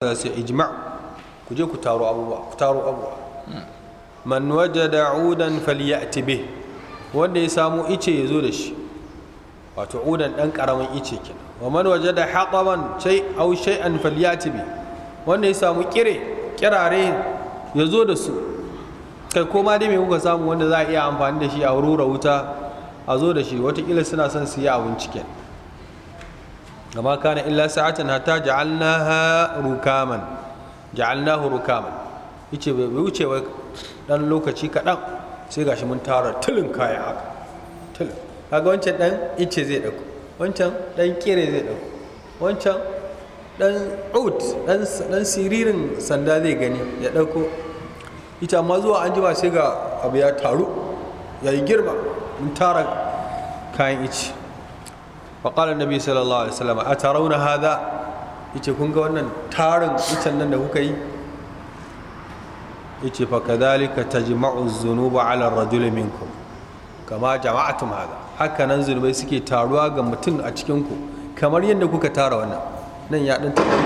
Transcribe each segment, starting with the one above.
ku je ku taro abubuwa ku taro abubuwa man wajada udan falyati bih wanda ya samu ice ya zo da shi wato udan dan karamin ice kenan wa man wajada hataban shay aw shay'an falyati bih wanda ya samu kire kirare ya zo da su kai ko ma dai me kuka samu wanda za a iya amfani da shi a rura wuta a zo da shi kila suna son su yi abinci kenan gama kana illa sa'atan hatta ja'alnaha rukaman ja'alnahu rukaman yace bai wuce wai dan lokaci kaɗan sai gashi mun tara tulin kaya haka tulin kaga wancan dan ice zai dauko wancan dan kire zai dauko wancan dan out dan siririn sanda zai gani ya dauko ita amma zuwa an ba sai ga abu ya taru ya yi girma mun tara kayan ice faƙalar nabi sallallahu alaihi wasallam a tarauna haza yace kun ga wannan tarin wutan nan da kuka yi yace fa kadhalika tajma'u dhunuba 'ala ar-rajuli minkum kama jama'atum haza haka nan zunubai suke taruwa ga mutum a cikin ku kamar yadda kuka tara wannan nan ya dan tafi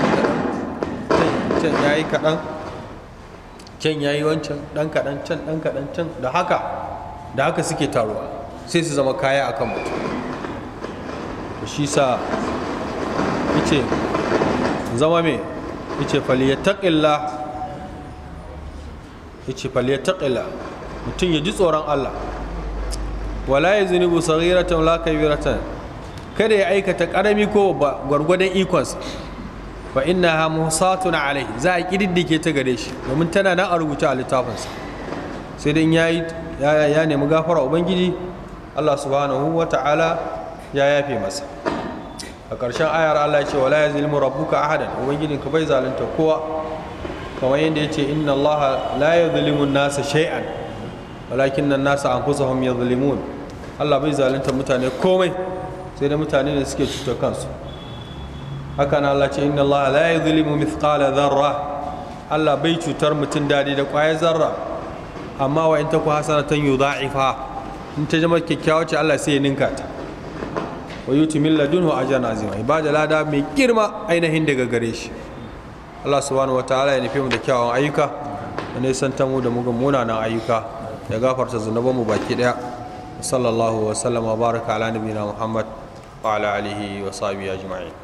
can yayi kadan can yayi wancan dan kadan can dan kadan can da haka da haka suke taruwa sai su zama kaya akan mutum shi sa yace zama me ice mutum ya ji tsoron Allah wala ya zunubu saghiratan la kada ya aikata ƙarami ko ba gwargwadon ikonsa fa innaha na alai za a kididdike ta gare shi domin tana nan a rubuta a littafinsa sai dai ya nemi gafara ubangiji Allah subhanahu wa ta'ala ya yafe masa a ƙarshen ayar Allah ce wala yazlimu rabbuka ahadan ubangijin ka bai zalunta kowa kamar yadda ya ce inna Allah la yazlimu nasa shay'an walakin nan nasa an anfusahum yazlimun Allah bai zalunta mutane komai sai da mutane ne suke cuta kansu haka na Allah ce inna Allah la yazlimu mithqala dharra Allah bai cutar mutum dadi da ƙwayar zarra amma wa in taku hasanatan yudha'ifa in ta zama kyakkyawa ce Allah sai ya ninka ta wa yuti min ladunhu ajran azima ibada lada mai girma ainihin daga gare shi Allah subhanahu wataala ya nufi mu da kyawun ayyuka da ta mu da muga munanan ayyuka ya gafarta zunubanmu baki daya sallallahu wa sallama baraka ala nabiyina muhammad wa ala alihi wa sahbihi ajma'in